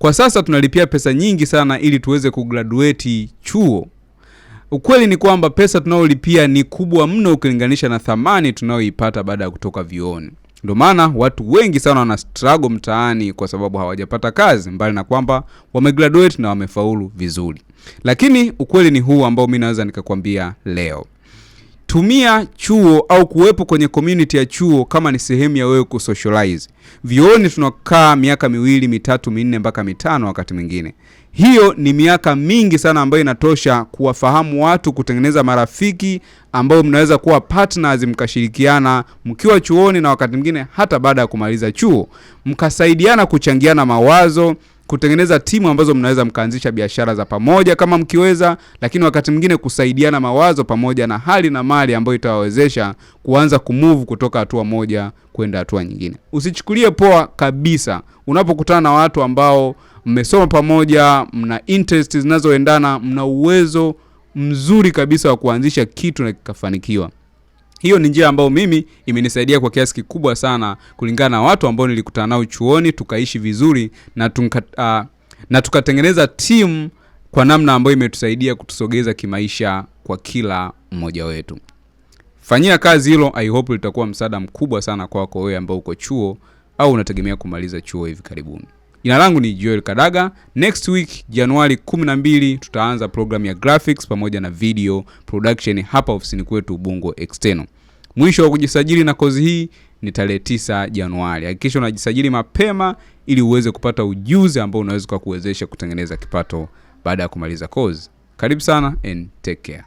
Kwa sasa tunalipia pesa nyingi sana ili tuweze kugraduate chuo. Ukweli ni kwamba pesa tunayolipia ni kubwa mno ukilinganisha na thamani tunayoipata baada ya kutoka vioni Ndio maana watu wengi sana wana struggle mtaani kwa sababu hawajapata kazi, mbali na kwamba wamegraduate na wamefaulu vizuri. Lakini ukweli ni huu ambao mimi naweza nikakwambia leo. Tumia chuo au kuwepo kwenye community ya chuo kama ni sehemu ya wewe kusocialize. Vioni tunakaa miaka miwili mitatu minne mpaka mitano wakati mwingine. Hiyo ni miaka mingi sana ambayo inatosha kuwafahamu watu, kutengeneza marafiki ambao mnaweza kuwa partners, mkashirikiana mkiwa chuoni na wakati mwingine hata baada ya kumaliza chuo, mkasaidiana kuchangiana mawazo kutengeneza timu ambazo mnaweza mkaanzisha biashara za pamoja kama mkiweza, lakini wakati mwingine kusaidiana mawazo pamoja na hali na mali ambayo itawawezesha kuanza kumove kutoka hatua moja kwenda hatua nyingine. Usichukulie poa kabisa unapokutana na watu ambao mmesoma pamoja, mna interest zinazoendana, mna uwezo mzuri kabisa wa kuanzisha kitu na kikafanikiwa hiyo ni njia ambayo mimi imenisaidia kwa kiasi kikubwa sana, kulingana na watu ambao nilikutana nao chuoni, tukaishi vizuri na tunka, uh, na tukatengeneza timu kwa namna ambayo imetusaidia kutusogeza kimaisha kwa kila mmoja wetu. Fanyia kazi hilo, I hope litakuwa msaada mkubwa sana kwako wewe ambao uko chuo au unategemea kumaliza chuo hivi karibuni. Jina langu ni Joel Kadaga. Next week Januari 12 tutaanza programu ya graphics pamoja na video production hapa ofisini kwetu Ubungo External. Mwisho wa kujisajili na kozi hii ni tarehe 9 Januari. Hakikisha unajisajili mapema ili uweze kupata ujuzi ambao unaweza kukuwezesha kutengeneza kipato baada ya kumaliza kozi. Karibu sana and take care.